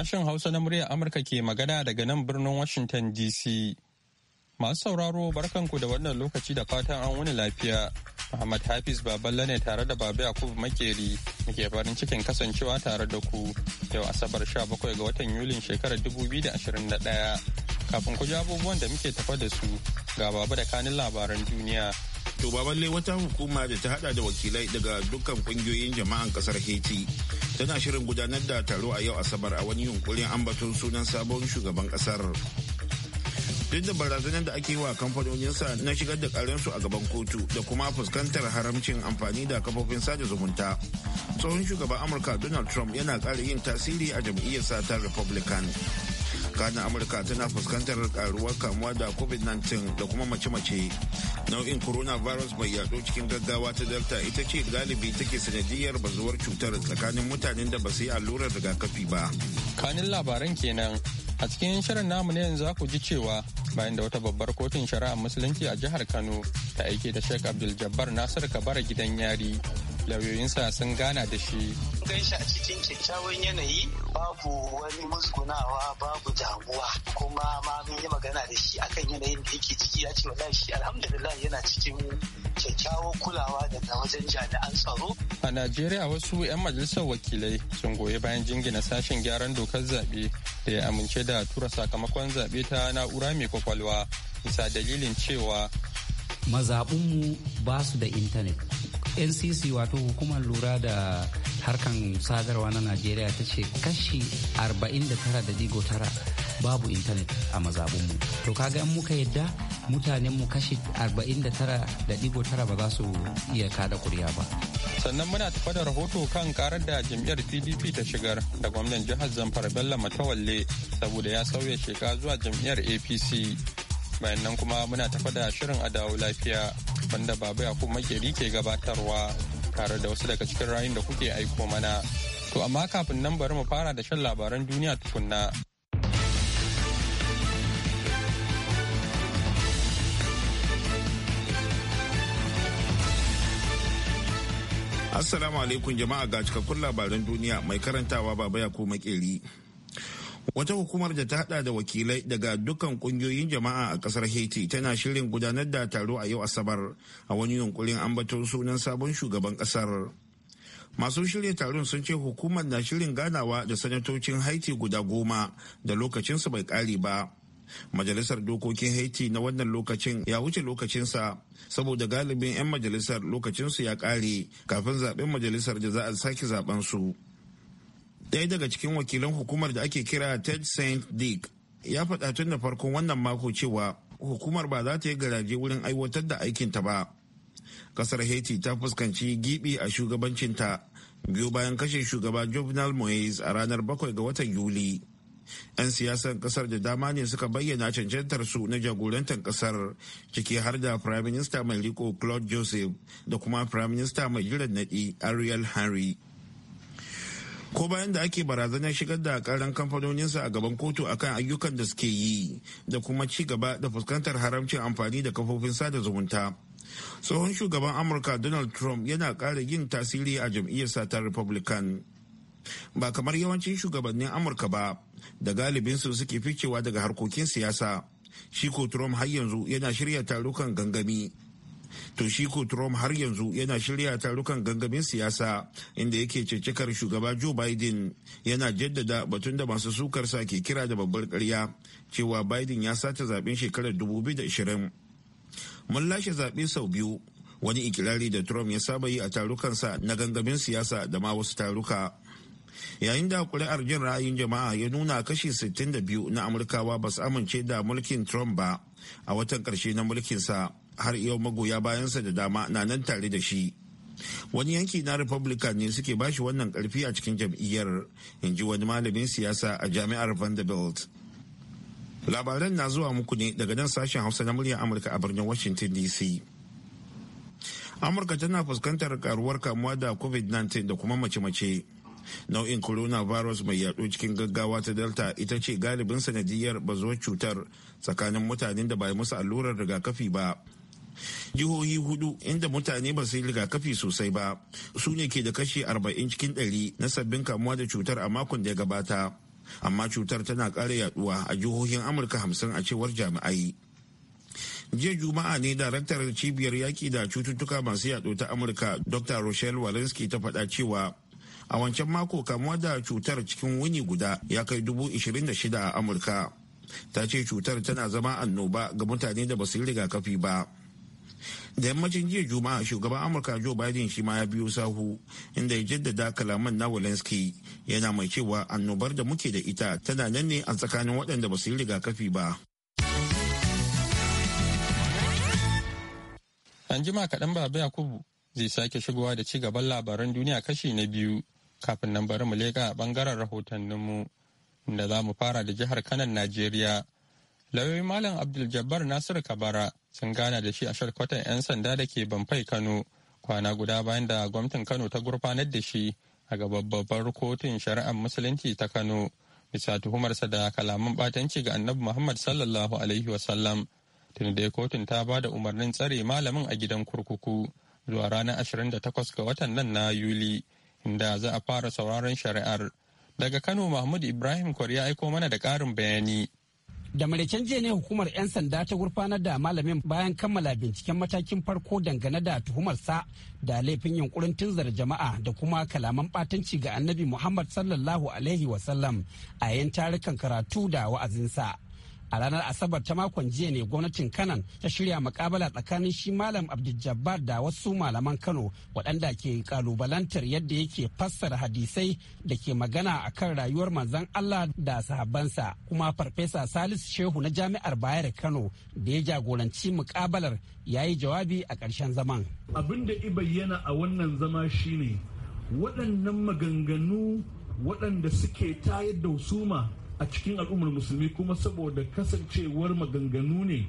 Sashen Hausa na muryar Amurka ke magana daga nan birnin Washington DC. Masu sauraro barkanku da wannan lokaci da fatan an wani lafiya. Muhammad Hafiz Baballa ne tare da Baba Yakubu Makeri muke farin cikin kasancewa tare da ku yau Asabar 17 ga watan Yulin shekarar 2021. Kafin ku ji abubuwan da muke tafa da su ga Babu da kanin labaran duniya. To ba balle wata hukuma da ta hada da wakilai daga dukkan kungiyoyin jama'an kasar Haiti tana shirin gudanar da taro a yau Asabar a wani yunkurin ambaton sunan sabon shugaban kasar. Duk da barazanar da ake yi wa kamfanoninsa na shigar da karensu a gaban kotu da kuma fuskantar haramcin amfani da kafofin sada zumunta. Tsohon shugaban Amurka Donald Trump yana ƙara yin tasiri a jam'iyyarsa ta Republican. kanan amurka tana fuskantar karuwar kamuwa da covid-19 da kuma mace-mace nau'in coronavirus mai yaɗo cikin gaggawa ta delta ita ce galibi take sanadiyar bazuwar cutar tsakanin mutanen da ba su yi allurar rigakafi ba kanin labaran kenan a cikin shirin namu ne yanzu ku ji cewa bayan da wata babbar kotun shari'a musulunci a jihar kano ta aike da sheikh abdul jabbar nasir kabara gidan yari lauyoyinsa sun gana da shi. gan shi a cikin kyakkyawan yanayi babu wani musgunawa babu damuwa kuma ma mun yi magana da shi akan yanayin da yake ciki ya ce wallahi shi alhamdulillah yana cikin kyakkyawar kulawa daga wajen jami'an tsaro. A Najeriya wasu 'yan majalisar wakilai sun goyi bayan jingina sashen gyaran dokar zaɓe da ya amince da tura sakamakon zaɓe ta na'ura mai kwakwalwa bisa dalilin cewa mazaɓinmu ba su da intanet ncc wato hukumar lura da harkan sadarwa na najeriya ta ce kashi 49.9 babu intanet a mazabunmu to kaga in muka yadda mutanenmu kashi 49.9 ba za su iya kada kuriya ba sannan muna tafa da rahoto kan karar da jam'iyyar pdp ta shigar da gwamnan jihar zamfara bello matawalle saboda ya sauya sheka zuwa jam'iyyar apc bayan nan kuma muna tafa da shirin dawo lafiya wanda baba ya kuma makeri ke gabatarwa tare da wasu daga cikin rayun da kuke aiko mana to amma kafin nan bari mu fara da shan labaran duniya tukunna Assalamu alaikum jama'a ga cikakkun labaran duniya mai karantawa baba ya ko makeri. wata hukumar da ta hada da wakilai daga dukkan kungiyoyin jama'a a kasar haiti tana shirin gudanar da taro a yau asabar a wani yunkurin ambaton sunan sabon shugaban kasar masu shirya taron sun ce hukumar na shirin ganawa da sanatocin haiti guda goma da lokacinsu bai kare ba majalisar dokokin haiti na wannan lokacin ya wuce lokacinsa saboda galibin 'yan majalisar lokacinsu ya kare kafin zaben majalisar da za a sake zaben su ɗaya daga cikin wakilan hukumar da ake kira ted saint dick ya faɗa tun da farkon wannan mako cewa hukumar ba za ta yi garaje wurin aiwatar da aikinta ba kasar haiti ta fuskanci gibi a shugabancinta biyu bayan kashe shugaba jovenel moise a ranar bakwai ga watan yuli 'yan siyasar kasar da dama ne suka bayyana cancantar su na jagorantar kasar ciki har da prime minister mai riko claude joseph da kuma prime minister mai jiran naɗi ariel henry ko bayan da ake barazanar shigar da karan kamfanoninsa a gaban kotu akan ayyukan da suke yi da kuma ci gaba da fuskantar haramcin amfani da kafofin sada zumunta tsohon shugaban amurka donald trump yana kara yin tasiri a jam'iyyarsa ta republican ba kamar yawancin shugabannin amurka ba da galibinsu suke ficewa daga harkokin siyasa shi ko trump har yanzu yana shirya tarukan gangami to shi trump har yanzu yana shirya tarukan gangamin siyasa inda yake cecekar shugaba joe biden yana jaddada batun da masu sukarsa ke kira da babbar karya cewa biden ya sace zaben shekarar 2020 mun lashe zaɓe sau biyu wani ikirari da trump ya saba yi a tarukansa na gangamin siyasa da ma wasu taruka yayin da kuri'ar jin ra'ayin jama'a ya nuna kashi 62 na amurkawa ba su amince da mulkin trump ba a watan karshe na mulkinsa har yau magoya bayansa da dama na nan tare da shi wani yanki na republican ne suke bashi wannan karfi a cikin jam'iyyar in ji wani malamin siyasa a jami'ar vanderbilt labaran na zuwa muku ne daga nan sashen hausa na muryar amurka a birnin washington dc amurka tana fuskantar karuwar kamuwa da covid-19 da kuma mace-mace nau'in coronavirus mai yaɗo cikin gaggawa ta delta ita ce galibin sanadiyar bazuwar cutar tsakanin mutanen da ba musu allurar rigakafi ba jihohi hudu inda mutane ba su yi rigakafi sosai ba su ne ke da kashi 40 cikin 100 na sabbin kamuwa da cutar a makon da ya gabata amma cutar tana kara yaduwa a jihohin amurka hamsin a cewar jami'ai jiya juma'a ne daraktar cibiyar yaƙi da cututtuka masu yaɗo ta amurka dr rochelle walensky ta faɗa cewa a wancan mako kamuwa da cutar cikin wuni guda ya kai dubu ishirin da shida a amurka ta ce cutar tana zama annoba ga mutane da basu yi rigakafi ba da yammacin jiya juma'a shugaban amurka joe biden shi ma ya biyo sahu inda ya jaddada kalaman na walensky yana mai cewa annobar da muke da ita tana nan ne a tsakanin waɗanda ba su yi rigakafi ba an jima kaɗan baba yakubu zai sake shigowa da ci gaban labaran duniya kashi na biyu kafin nan bari mu leƙa a ɓangaren rahotanninmu da za mu fara da jihar kanan najeriya lauyoyin malam abdul jabbar nasir kabara sun gana da shi a sharkwatan 'yan sanda da ke banfai kano kwana guda bayan da gwamnatin kano ta gurfanar da shi a ga babbar kotun shari'ar musulunci ta kano bisa tuhumarsa da kalaman batanci ga annabi muhammad sallallahu alaihi wasallam kotun ta ba da umarnin tsare malamin a gidan kurkuku zuwa ranar ashirin da 28 ga watan nan na yuli inda za a fara sauraron shari'ar daga kano mahmud ibrahim kwari ya aiko mana da ƙarin bayani da maraicen jiya ne hukumar 'yan sanda ta gurfanar da malamin bayan kammala binciken matakin farko dangane da tuhumarsa da laifin yunkurin tunzar jama'a da kuma kalaman batanci ga annabi muhammad sallallahu alaihi wasallam a yayin tarukan karatu da wa'azinsa a ranar asabar ta makon jiya ne gwamnatin kanan ta shirya makabala tsakanin shi malam abdul da wasu malaman kano waɗanda ke kalubalantar yadda yake fassara hadisai da ke magana a kan rayuwar manzon allah da sahabbansa kuma farfesa salisu shehu na jami'ar bayar kano da ya jagoranci mukabalar ya yi jawabi a ƙarshen zaman abin da i bayyana a wannan zama shine waɗannan maganganu waɗanda suke tayar da husuma a cikin al'ummar musulmi kuma saboda kasancewar maganganu ne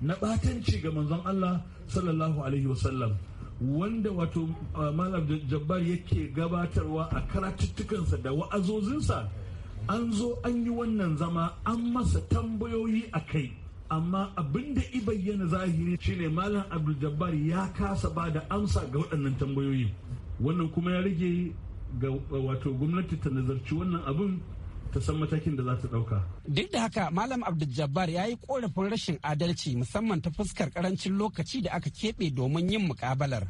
na batanci ga manzon Allah sallallahu alaihi wasallam wanda wato uh, malam jabbar yake gabatarwa a karatuttukansa da wa'azozinsa an zo an yi wannan zama an masa tambayoyi a kai amma abin da i bayyana zahiri shine malam abdul ya kasa ba da amsa ga waɗannan tambayoyi wannan kuma ya rage ga wato gwamnati ta nazarci wannan abin ta san matakin da za ta ɗauka. Duk da haka Malam abdul ya yi korafin rashin adalci musamman ta fuskar karancin lokaci da aka keɓe domin yin mukabalar.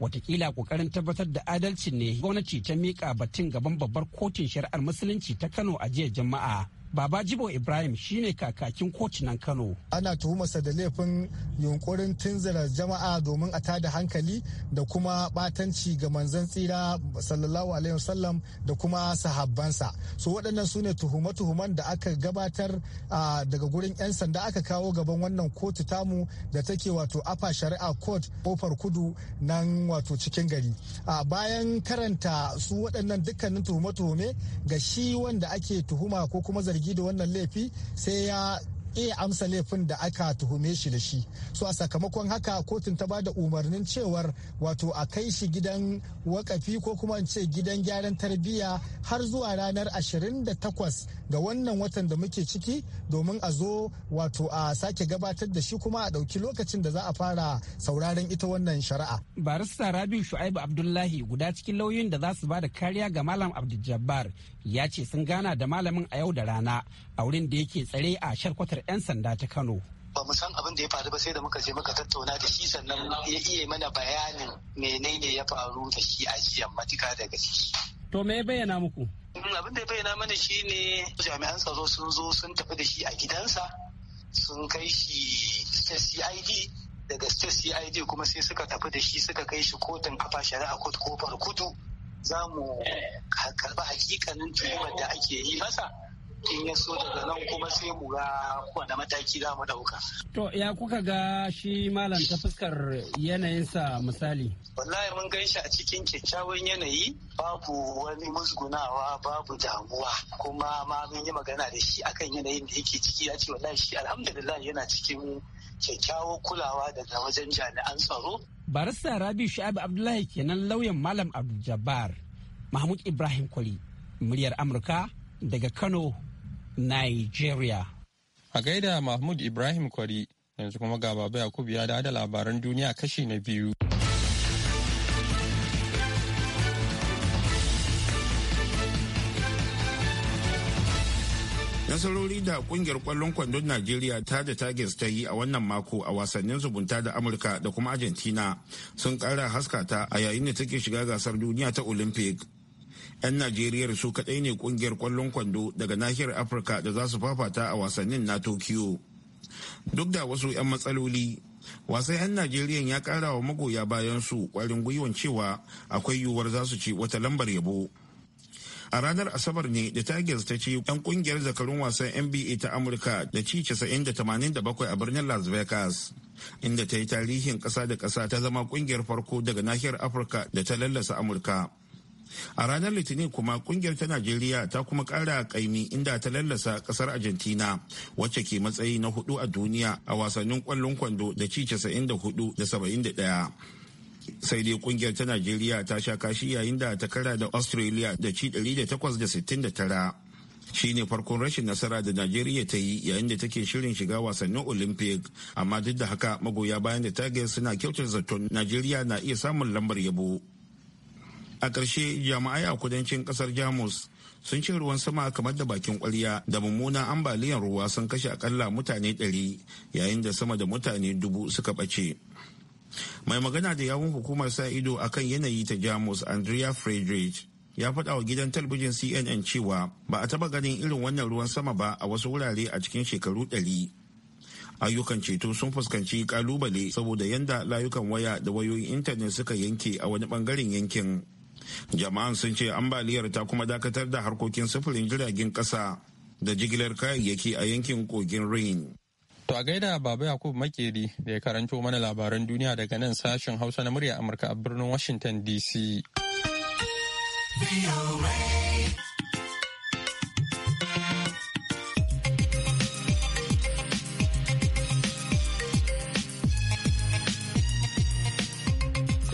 Watakila ƙoƙarin tabbatar da adalci ne gwamnati ta miƙa batun gaban babbar kotun shari'ar musulunci ta Kano a jiya Juma'a. Baba Jibo Ibrahim shine kakakin nan Kano. Ana tuhumarsa da laifin yunkurin tunzura jama'a domin a tada hankali da kuma batanci ga manzan tsira sallallahu alaihi wasallam da kuma sahabbansa. So waɗannan su ne tuhume-tuhumen da aka gabatar daga gurin 'yan sanda aka kawo gaban wannan kotu tamu da take wato afa shari'a court kofar kudu nan wato cikin gari. Bayan karanta su waɗannan dukkanin tuhume-tuhume ga shi wanda ake tuhuma ko kuma zargi zargi da wannan laifi sai ya iya amsa laifin da aka tuhume shi da shi so a sakamakon haka kotun ta bada umarnin cewar wato a kai shi gidan wakafi ko kuma ce gidan gyaran tarbiyya har zuwa ranar 28 ga wannan watan da muke ciki domin a zo wato a sake gabatar da shi kuma a ɗauki lokacin da za a fara sauraron ita wannan shari'a. barista rabiu shu'aibu abdullahi guda cikin lauyoyin da za su ba da kariya ga malam abdul ya ce sun gana da malamin a yau da rana a wurin da yake tsare a sharkwatar 'yan sanda ta kano ba mu san abin da ya faru ba sai da muka je muka tattauna da shi sannan ya iya mana bayanin menene ya faru da shi a jiya matuka daga shi. To me ya bayyana muku? Mm, abin da ya bayyana mana shi ne jami'an tsaro sun zo sun tafi da shi a gidansa sun kai shi CID daga CID kuma sai suka tafi da shi suka kai shi kotun kafa shari'a kot kofar kudu za mu karɓi hakikanin tuhumar da ake yi masa in ya so daga nan kuma sai mu ga wanda mataki za mu dauka. To ya kuka ga shi malam ta fuskar yanayinsa misali? Wallahi mun gan shi a cikin kyakkyawan yanayi babu wani musgunawa babu damuwa kuma ma mun yi magana da shi akan yanayin da yake ciki ya ce wallahi shi alhamdulillah yana cikin kyakkyawar kulawa daga wajen jami'an tsaro. Barista Rabi Shu'aib Abdullahi kenan lauyan Malam Abdul Mahmud Ibrahim Kwali, muryar Amurka daga Kano, Nigeria. A gaida Mahmud Ibrahim Kwari yanzu kuma ga Baba yakub ya da labaran duniya kashi na biyu. nasarori da kungiyar kwallon kwandon najeriya ta da tigers ta yi a wannan mako a wasannin zubunta da amurka da kuma argentina sun kara haskata a yayin da take shiga gasar duniya ta olympic 'yan Najeriya su kadai ne ƙungiyar kwallon kwando daga nahiyar afirka da za su fafata a wasannin na tokyo duk da wasu 'yan matsaloli wasai 'yan Najeriya ya ƙara wa magoya bayan su ƙwarin gwiwan cewa akwai yiwuwar za su ci wata lambar yabo a ranar asabar ne da tigers ta ce 'yan kungiyar zakarun wasan nba ta amurka da ci 90-87 a birnin las vegas inda ta yi tarihin kasa da kasa ta zama kungiyar farko daga nahiyar afirka da ta lallasa amurka a ranar litinin kuma kungiyar ta najeriya ta kuma kara kaimi inda ta lallasa kasar argentina wacce ke matsayi na hudu a duniya a wasannin kwallon kwando da ci 94 da 71 sai dai kungiyar ta najeriya ta sha kashi yayin da ta kara da australia da ci 869 shi ne farkon rashin nasara da najeriya ta yi yayin da take shirin shiga wasannin olympic amma duk da haka magoya bayan da ta suna kyautar zaton najeriya na iya samun lambar yabo a ƙarshe jami'ai a kudancin ƙasar jamus sun ce ruwan sama kamar da bakin kwarya da mummunan ambaliyan ruwa sun kashe akalla mutane 100 yayin da sama da mutane dubu suka ɓace mai magana da yawun hukumar sa ido akan yanayi ta jamus andrea friedrich ya faɗa wa gidan talbijin cnn cewa ba a taɓa ganin irin wannan ruwan sama ba a wasu wurare a cikin shekaru 100 ayyukan ceto sun fuskanci kalubale saboda yanda layukan waya da wayoyin intanet suka yanke a wani bangaren yankin jama'an sun ce ambaliyar ta kuma dakatar da harkokin sufurin jiragen kasa da jigilar kayayyaki a yankin kogin rain to a gaida baba yakubu makeri da ya karanto mana labaran duniya daga nan sashen hausa na murya amurka a birnin washington dc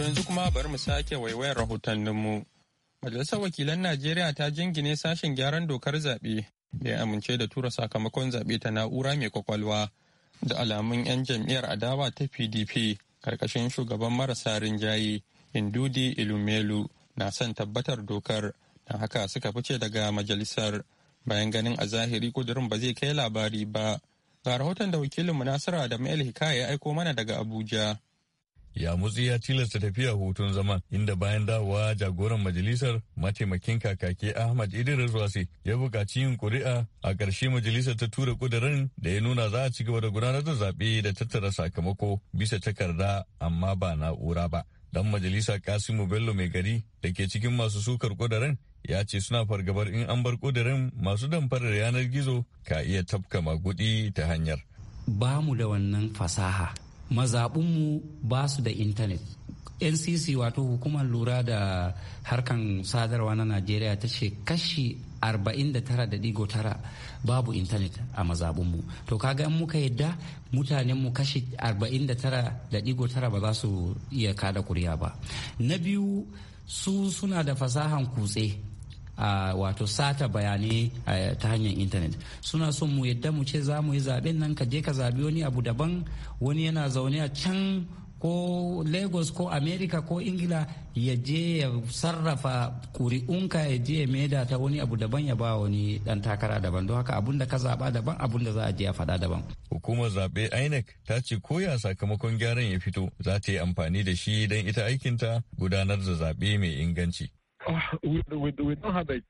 yanzu kuma bari mu sake waiwayar rahotanninmu. Majalisar Wakilan Najeriya ta jingine sashen gyaran dokar zaɓe da ya amince da tura sakamakon zaɓe ta na'ura mai kwakwalwa da alamun 'yan jam'iyyar adawa ta PDP karkashin shugaban marasa rinjaye Indudi Ilumelu na son tabbatar dokar na haka suka fice daga majalisar bayan ganin a zahiri kudurin ba zai kai labari ba. Ga rahoton da wakilinmu Nasara Adamu El Hikaya ya aiko mana daga Abuja. ya mutsi ya tilasta tafiya hutun zaman inda bayan dawowa jagoran majalisar mataimakin kakaki ahmad idris wasi ya buƙaci yin ƙuri'a a ƙarshe majalisar ta tura ƙudurin da ya nuna za a ci gaba da gudanar da zaɓe da tattara sakamako bisa takarda amma ba na'ura ba dan majalisa kasimu bello mai gari da ke cikin masu sukar ƙudurin ya ce suna fargabar in an bar ƙudurin masu damfarar yanar gizo ka iya tafka magudi ta hanyar ba mu da wannan fasaha mazaɓinmu ba su da intanet ncc wato hukumar lura da harkan sadarwa na najeriya ta ce kashi 49.9 babu intanet a mazaɓinmu. to kaga in muka yadda mutanenmu kashi 49.9 ba za su iya kada kuriya ba na biyu su suna da fasahan kutse a wato sata bayanai ta hanyar intanet suna son mu yadda mu ce za mu yi zaɓen nan ka je ka zaɓi wani abu daban wani yana zaune a can ko lagos ko america ko ingila ya je ya sarrafa kuri'unka ya je ya maida ta wani abu daban ya ba wani dan takara daban don haka abun da ka zaba daban abun da za a je a faɗa daban hukumar zaɓe inec ta ce koya sakamakon gyaran ya fito za ta yi amfani da shi don ita aikinta gudanar da zaɓe mai inganci we, uh,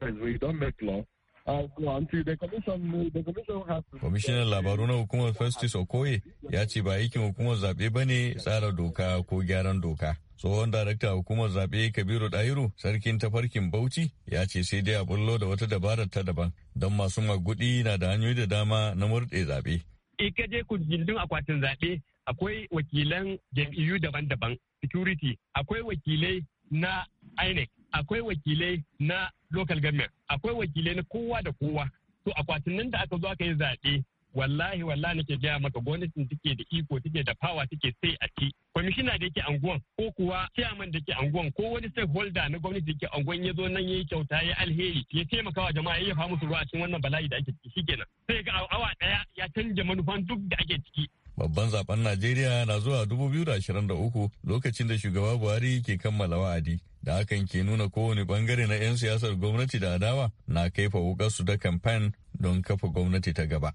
Kwamishinan labaru na hukumar Festus Okoye ya ce ba aikin hukumar zaɓe ba ne tsara doka ko gyaran doka. Tsohon darakta hukumar zaɓe Kabiru Ɗahiru sarkin tafarkin Bauchi ya ce sai dai a bullo da wata dabarar ta daban don masu magudi na da hanyoyi da dama na murɗe zaɓe. Ika je ku gindin akwatin zaɓe akwai wakilan jam'iyyu daban-daban security akwai wakilai na INEC akwai wakilai na local government akwai wakilai na kowa da kowa to akwatinan da aka zo aka yi zaɓe wallahi wallahi nake gaya maka gwamnatin take da iko take da power take sai a ci kwamishina da yake anguwan ko kuwa chairman da ke anguwan ko wani stakeholder na gwamnati da yake anguwan ya zo nan yayi kyauta ya alheri ya taimaka wa jama'a ya famu su ruwa cikin wannan bala'i da ake ciki shikenan sai ga awa daya ya canja manufan duk da ake ciki Babban zaben Najeriya na zuwa 2023 lokacin da shugaba Buhari ke kammala wa'adi. da hakan ke nuna kowane bangare na 'yan siyasar gwamnati da adawa na kaifa su da kamfen don kafa gwamnati ta gaba.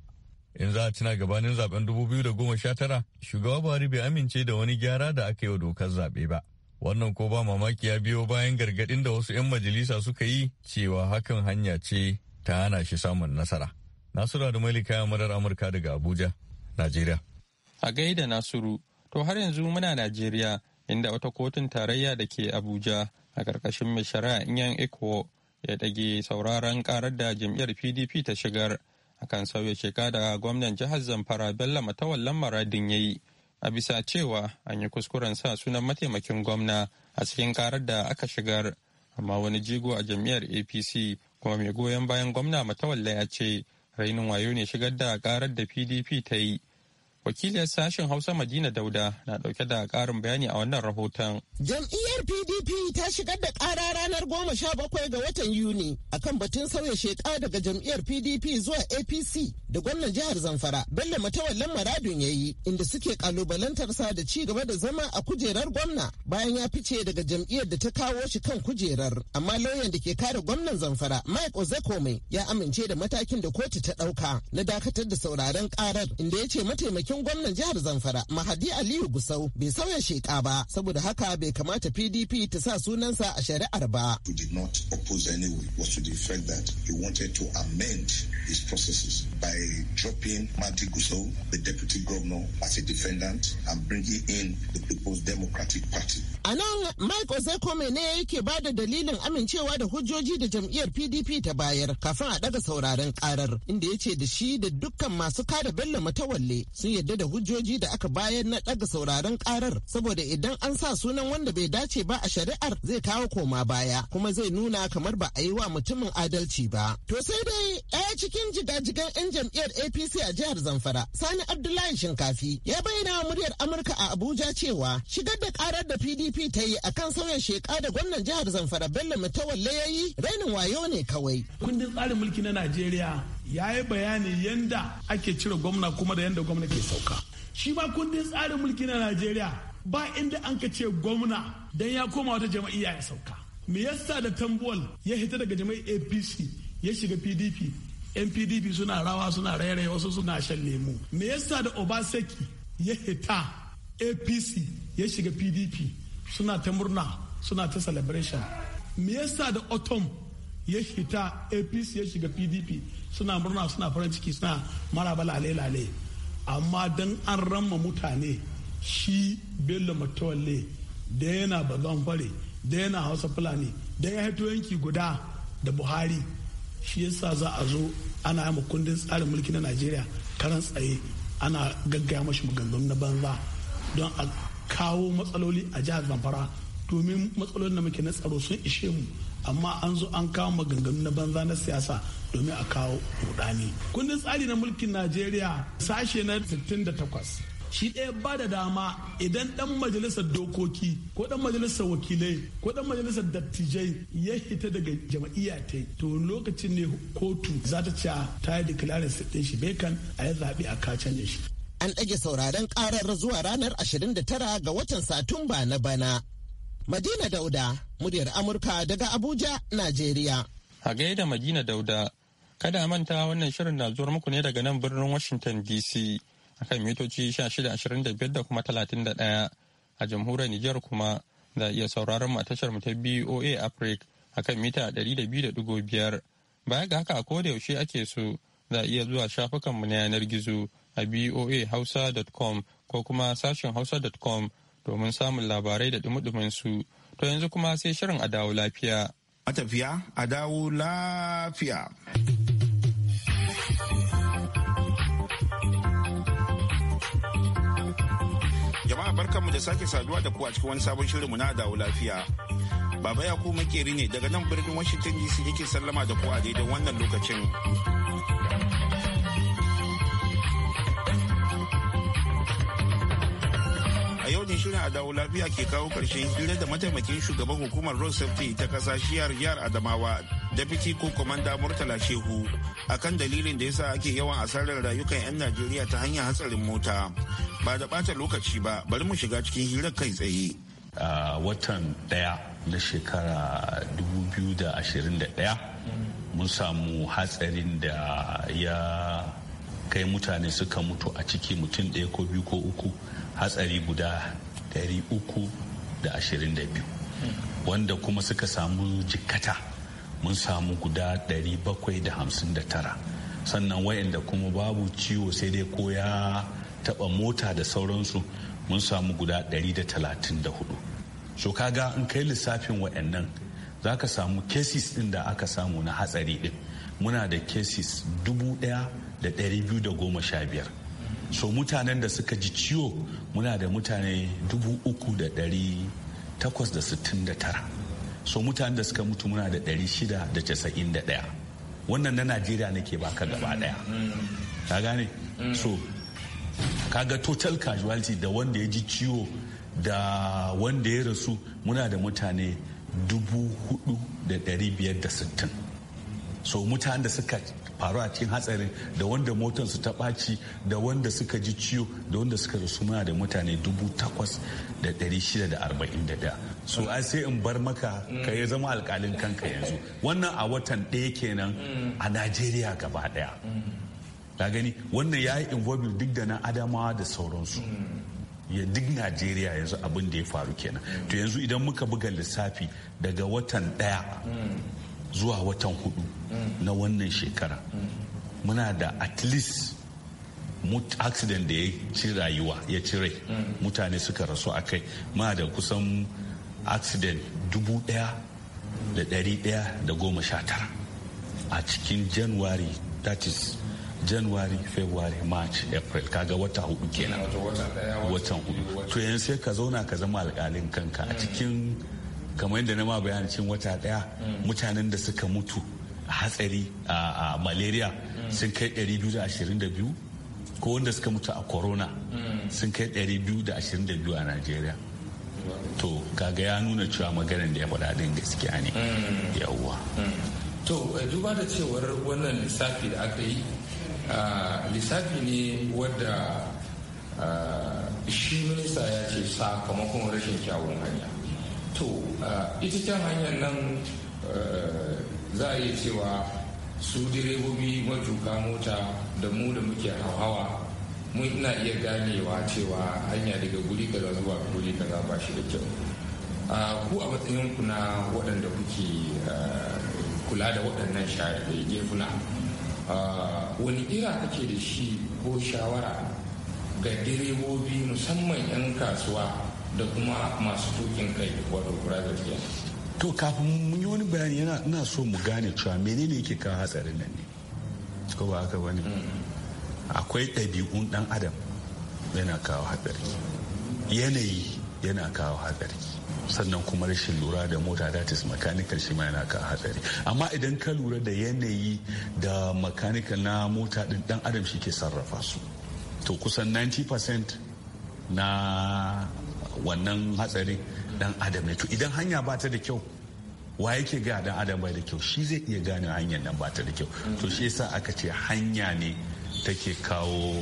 In za a cina gabanin zaben 2019, shugaba Buhari bai amince da wani gyara da aka yi wa dokar zaɓe ba. Wannan ko ba mamaki ya biyo bayan gargaɗin da wasu 'yan majalisa suka yi cewa hakan hanya ce ta hana shi samun nasara. Nasiru da Malika Murar Amurka daga Abuja, Najeriya. A gaida Nasiru, to har yanzu muna Najeriya inda wata kotun tarayya da ke Abuja a ƙarƙashin mai shari'a yan Eko ya ɗage sauraron ƙarar da jam'iyyar PDP ta shigar a kan sauya sheka da gwamnan jihar Zamfara Bello Matawallan Maradin ya yi a bisa cewa an yi kuskuren sa sunan mataimakin gwamna a cikin ƙarar da aka shigar amma wani jigo a jam'iyyar APC kuma mai goyon bayan gwamna Matawalla ya ce rainin wayo ne shigar da ƙarar da PDP ta yi Wakiliyar sashen Hausa Madina Dauda na dauke da karin bayani a wannan rahoton. Jam'iyyar PDP ta shigar da ƙara ranar goma sha bakwai ga watan Yuni akan batun sauya sheka daga jam'iyyar PDP zuwa APC da gwamnan jihar Zamfara Bello Matawallan Maradun ya yi inda suke kalubalantar sa da ci gaba da zama a kujerar gwamna bayan ya fice daga jam'iyyar da ta kawo shi kan kujerar. Amma lauyan da ke kare gwamnan Zamfara Mike Ozekome ya amince da matakin da kotu ta ɗauka na dakatar da sauraron ƙarar inda ya ce mataimakin mataimakin gwamnan jihar Zamfara Mahadi Aliyu Gusau bai sauya sheka ba saboda haka bai kamata PDP ta sa sunansa a shari'ar ba. We did not oppose to the that wanted to amend his processes by dropping Madi Gusau, the deputy governor, as a defendant and bringing in the People's Democratic Party. A nan Mike Ozekome ne yake ba da dalilin amincewa da hujjoji da jam'iyyar PDP ta bayar kafin a daga sauraron karar inda ya ce da shi da dukkan masu kada bello matawalle sun yi yadda da hujjoji da aka bayar na ɗaga sauraron karar saboda idan an sa sunan wanda bai dace ba a shari'ar zai kawo koma baya kuma zai nuna kamar ba a yi wa mutumin adalci ba. To sai dai ɗaya cikin jigajigan 'yan jam'iyyar APC a jihar Zamfara Sani Abdullahi Shinkafi ya bayyana wa muryar Amurka a Abuja cewa shigar da karar da PDP ta yi akan sauyin sheka da gwamnan jihar Zamfara Bello Mutawalle ya yi rainin wayo ne kawai. Kundin tsarin mulki na Najeriya ya yi bayani yadda ake cire gwamna kuma da yadda gwamna ke sauka shi ma kundin tsarin mulki na najeriya ba inda an ka ce gwamna dan ya koma wata jama'iyya ya sauka me yasa da tambuwal ya hita daga jama'i apc ya shiga pdp yan pdp suna rawa suna rairaye wasu suna shan lemu me yasa da obaseki ya hita apc ya shiga pdp suna ta murna suna ta celebration me yasa da otom ya hita apc ya shiga pdp suna murna suna farin ciki suna maraba lale-lale amma don an ramma mutane shi bello matawalle da yana bagan fare da yana hausa fulani da ya haito yanki guda da buhari shi yasa za a zo ana yi kundin tsarin mulki na najeriya karan tsaye ana gaggaya mashi maganganu na banza don a kawo matsaloli a jihar zamfara domin matsalolin da muke na tsaro sun ishe mu amma an zo an kawo maganganu na banza na siyasa domin a kawo rudani kundin tsari na mulkin najeriya sashe na 68 shi ɗaya ba da dama idan ɗan majalisar dokoki ko ɗan majalisar wakilai ko ɗan majalisar dattijai ya hita daga jama'iyya ta to lokacin ne kotu za ta ce ta yi declaring shi shi kan a yi zaɓe a kacin shi. An ɗage sauraron ƙarar zuwa ranar 29 ga watan Satumba na bana Madina Dauda, muryar Amurka daga Abuja, Najeriya. A gaida Madina Dauda, kada a manta wannan shirin na zuwa muku ne daga nan birnin Washington DC akan mitoci 1625 da kuma 31 a jamhuriyar Nijar kuma za iya sauraron mu a tashar mu ta BOA Africa akan mita 200.5 baya ga haka a koda yaushe ake so za iya zuwa shafukan mu na yanar gizo a boahausa.com ko kuma sashen hausa.com domin samun labarai da dumi su to yanzu kuma sai shirin a dawo lafiya. Matafiya a dawo lafiya. Jama'a barkanmu da sake saduwa da ku a cikin wani sabon mu na dawo lafiya. Baba ya kuma makeri ne daga nan birnin Washington DC yake sallama da ku a daidai wannan lokacin. yau ne shirin a lafiya ke kawo karshen hira da mataimakin shugaban hukumar road safety ta kasa shiyar yar adamawa deputy ko komanda murtala shehu akan dalilin da yasa ake yawan asarar rayukan 'yan najeriya ta hanyar hatsarin mota ba da bata lokaci ba bari mu shiga cikin hirar kai tsaye a watan daya na shekara 2021 mun samu hatsarin da ya kai mutane suka mutu a ciki mutum ɗaya ko biyu ko uku hatsari guda da da ashirin biyu wanda kuma suka samu jikkata mun samu guda ɗari bakwai da da hamsin tara sannan wayanda kuma babu ciwo sai dai ko ya taɓa mota da sauransu mun samu guda ɗari da da talatin 134 so ga in kai lissafin wayannan za ka samu cases din da aka samu na hatsari din muna da cases dubu da goma sha biyar so mutanen da suka ji ciwo muna da mutane dubu da sittin tara so mutanen da suka mutu muna da dari da casa'in da wannan na najeriya nake baka gaba daya ka gane so kaga total casualty da wanda ya ji ciwo da wanda ya rasu muna da mutane 4,560 so mutanen da suka faru a cikin hatsarin da wanda motar su ta ɓaci da wanda suka ji ciwo da wanda suka rasu muna da mutane 8,641 so ai sai in bar maka ka yi zama alkalin kanka yanzu wannan a watan ɗaya kenan a najeriya gaba ɗaya ka gani wannan ya yi duk da na adamawa da sauransu ya duk najeriya yanzu abin da ya faru kenan to yanzu idan muka buga lissafi daga watan daya zuwa watan hudu na wannan shekara muna da at least accident da ya ci rayuwa ya ci rai mutane suka rasu a kai muna da kusan accident dubu daya da dari daya da goma sha tara a cikin january that january february march april kaga wata hudu kenan watan hudu to yanzu sai ka zauna ka zama alkalin kanka a cikin kamar yadda na ma bayani cikin wata daya mm. mutanen da suka mutu a hatsari a malaria mm. sun kai 222 ko wanda suka mutu a corona mm. sun kai 222 a nigeria to kaga ya nuna cewa maganar da ya faɗa din gaskiya ne yawwa to duba da cewar wannan lissafi da aka yi lissafi ne wadda shi minista ya ce sakamakon rashin kyawun hanya to ita can hanyar nan za a iya cewa su direbobi matuka mota da mu da muke hawa mun ina iya ganewa cewa hanya daga guri kaza zuwa guri kaza ba shi da kyau ku a matsayin ku na waɗanda kuke kula da waɗannan shaye-shaye gefuna Ah, wani Ira kake da shi ko shawara ga direbobi musamman 'yan kasuwa da kuma masu tukin kai wato private jet to kafin mun yi wani bayani yana ina so mu gane cewa menene yake kawo hatsarin nan ne ko ba haka bane mm. akwai ɗabi'un ɗan adam yana kawo hatsari yanayi yana kawo hatsari sannan kuma rashin lura da mota that is mechanical shi ma yana ka hatsari amma idan ka lura da yanayi da mechanical na mota din dan adam shi ke sarrafa su to kusan 90% na wannan hatsari dan adam ne to idan hanya ba ta da kyau wa yake ga dan adam bai da kyau shi zai iya gane hanyar nan ba ta da kyau to shi yasa aka ce hanya ne take kawo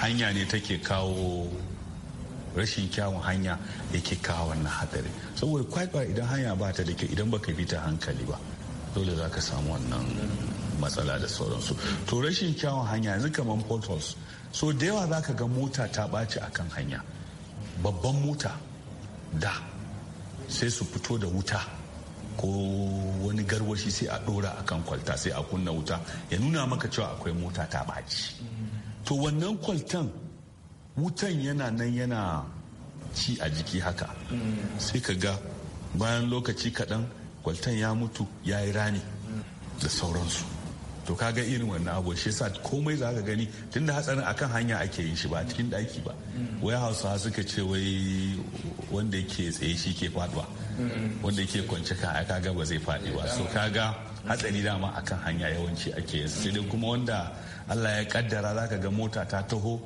hanya ne take kawo rashin kyawun hanya da ke kawo wannan hadari saboda kwaikwa idan hanya ba ta da kyau idan baka bi ta hankali ba dole za ka samu wannan matsala da sauransu to rashin kyawun hanya yanzu kamar potholes so da yawa za ka ga mota ta ɓaci akan hanya babban mota da sai su fito da wuta ko wani garwashi sai a ɗora akan kwalta sai a kunna wuta ya nuna maka cewa akwai mota ta ɓaci to wannan kwaltan wutan yana nan yana ci a jiki haka sai ka ga bayan lokaci kaɗan kwaltan ya mutu ya yi rani da sauransu to kaga irin wannan abu shi yasa komai za ka gani tunda hatsarin akan hanya ake yin shi ba cikin daki ba wai hausawa suka ce wai wanda yake tsaye shi ke faduwa wanda yake kwance kan aka kaga ba zai faɗi ba so kaga hatsari dama akan hanya yawanci ake yin sai dai kuma wanda Allah ya kaddara zaka ga mota ta taho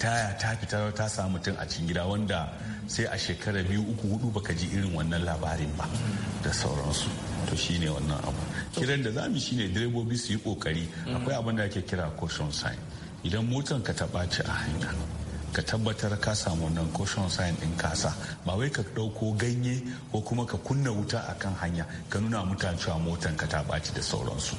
taya ta fita ta samu mutum a cikin gida wanda sai a shekara biyu uku hudu baka ji irin wannan labarin ba da sauransu to shine wannan abu kiran da zamu shine direbobi su yi kokari mm. akwai abin da ake kira caution sign idan motan ka ta ɓaci a hanya ka tabbatar ka samu wannan caution sign din kasa ba wai ka ɗauko ganye ko kuma ka kunna wuta a kan hanya ka nuna mutane cewa motar ka ta ɓaci da sauransu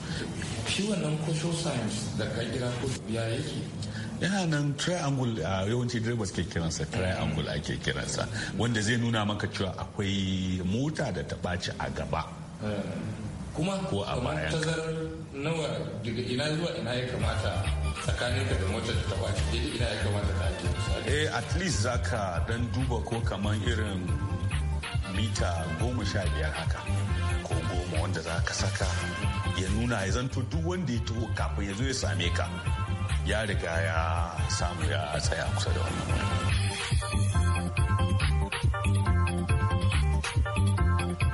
shi wannan caution sign da ka kira ya yake yana nan triangle a yawanci direba suke kiransa triangle ake kiransa wanda zai nuna maka cewa akwai mota da ta ɓaci a gaba eh, kuma ko a bayan tazarar nawa daga ina zuwa ina ya kamata tsakanin ka da motar da ta ɓaci daga ina ya kamata ka ake eh at least zaka dan duba ko kaman irin mita goma sha biyar haka ko goma wanda za ka saka ya nuna ya zanto duk wanda ya taho kafin ya zo ya same ka ya riga ya samu ya tsaya kusa da wannan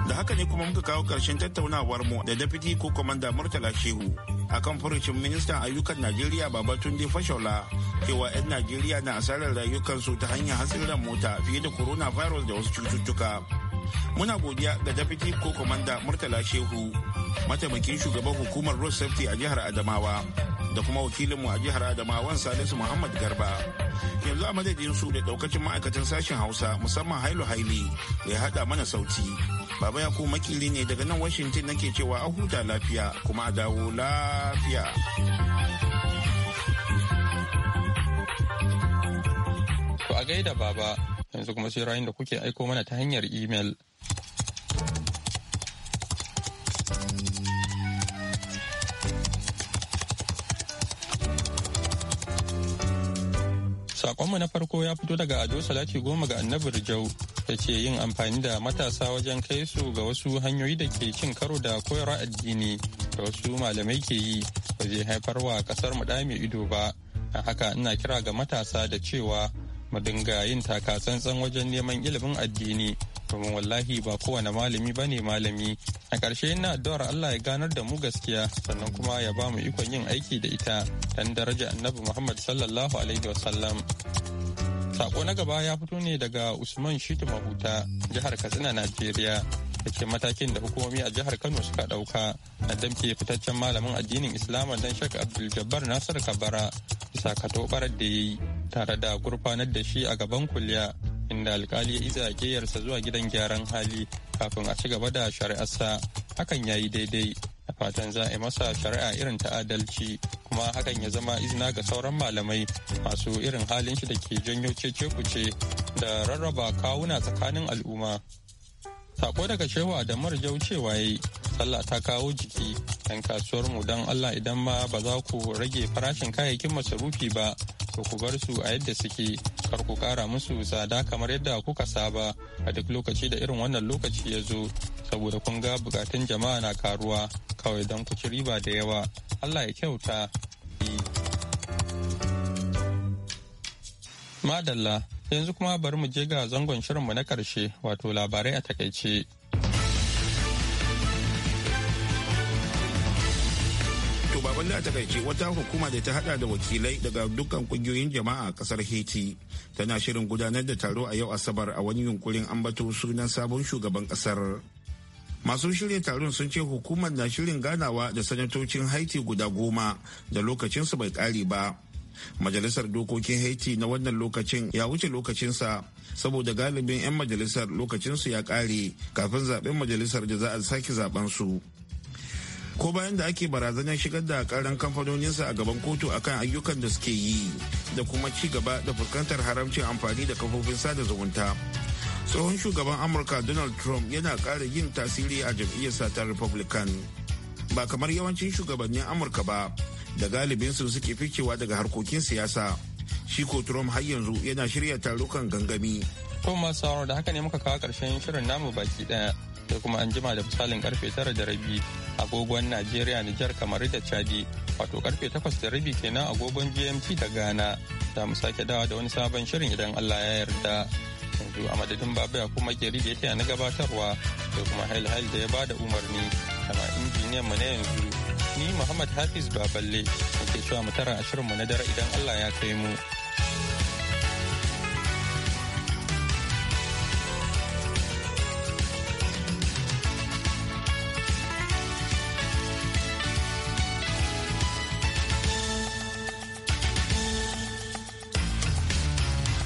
da haka ne kuma muka kawo ƙarshen tattaunawar mu da dafiti ko kwamanda murtala shehu A kan furucin ministan ayyukan najeriya babatunde fashola cewa 'yan najeriya na asarar rayukansu ta hanyar hatsarin mota fiye da coronavirus da wasu cututtuka muna godiya ga deputy ko komanda murtala shehu mataimakin shugaban hukumar road safety a jihar adamawa da kuma wakilinmu a jihar adamawan salisu muhammad garba yanzu a madadin su da daukacin ma'aikatan sashen hausa musamman hailu haili da ya hada mana sauti baba ya kuma makili ne daga nan washington nake cewa a huta lafiya kuma a dawo lafiya to a gaida baba yanzu kuma sai ra'ayin da kuke aiko mana ta hanyar imel. Sakonmu na farko ya fito daga Ado Salati Goma ga Annabi Rijau da ke yin amfani da matasa wajen kai su ga wasu hanyoyi da ke cin karo da koyarwa addini da wasu malamai ke yi ba zai haifar wa kasar mu ido ba. haka ina kira ga matasa da cewa mu dinga yin taka tsantsan wajen neman ilimin addini domin wallahi ba kowane malami ba ne malami a ƙarshe ina addu'ar Allah ya ganar da mu gaskiya sannan kuma ya ba mu ikon yin aiki da ita dan daraja annabi Muhammad sallallahu alaihi wasallam sako na gaba ya fito ne daga Usman Shitu Mahuta jihar Katsina Najeriya da ke matakin da hukumomi a jihar Kano suka ɗauka na damke fitaccen malamin addinin Islam dan Sheikh Abdul Jabbar Nasir Kabara bisa kato barar da ya yi tare da gurfanar da shi a gaban kuliya inda alkali ya iza keyarsa zuwa gidan gyaran hali kafin a ci gaba da shari'arsa hakan ya yi daidai da fatan za a yi masa shari'a irin ta adalci kuma hakan ya zama izina ga sauran malamai masu irin halin shi da ke janyo cece kuce da rarraba kawuna tsakanin al'umma. Sako daga cewa Adamar marjau cewa yi sallah ta kawo jiki yan kasuwar mu don Allah idan ma ba za ku rage farashin kayayyakin masarufi ba to ku bar su a yadda suke kar ku kara musu tsada kamar yadda kuka saba a duk lokaci da irin wannan lokaci ya zo saboda kun ga bukatun jama'a na karuwa kawai don ku ci riba da yawa Allah ya kyauta. Madalla yanzu kuma bari mu je ga zangon mu na karshe wato labarai a takaice. To baban da a takaice wata hukuma da ta hada da wakilai daga dukkan kungiyoyin jama'a a kasar Haiti tana shirin gudanar da taro a yau Asabar a wani yunkurin ambato sunan sabon shugaban kasar. masu shirya taron sun ce hukumar na shirin ganawa da sanatocin haiti guda goma da lokacinsu bai kare ba majalisar dokokin haiti na wannan lokacin ya wuce lokacinsa saboda galibin 'yan majalisar lokacinsu ya kare kafin zaben majalisar da za a sake zaben su ko bayan da ake barazanar shigar da karan kamfanoninsa a gaban kotu akan ayyukan da suke yi da kuma ci gaba da fuskantar haramcin amfani da kafofin sada zumunta tsohon shugaban amurka donald trump yana ƙara yin tasiri a jam'iyyarsa ta republican ba kamar yawancin shugabannin amurka ba da galibinsu suke fikewa daga harkokin siyasa shi ko trump har yanzu yana shirya tarukan gangami to masu da haka ne muka kawo karshen shirin namu baki daya sai kuma an jima da misalin karfe tara da rabi agogon najeriya nijar kamar da chadi wato karfe takwas da rabi kenan agogon gmt da ghana da mu sake dawa da wani sabon shirin idan allah ya yarda yanzu a madadin babaya kuma ke da ya taya na gabatarwa da kuma hail hail da ya bada umarni kama injiniyan mu na yanzu Ni Muhammad Hafiz Baballe, ke cewa mu tara ashirinmu na dare idan Allah ya kai mu.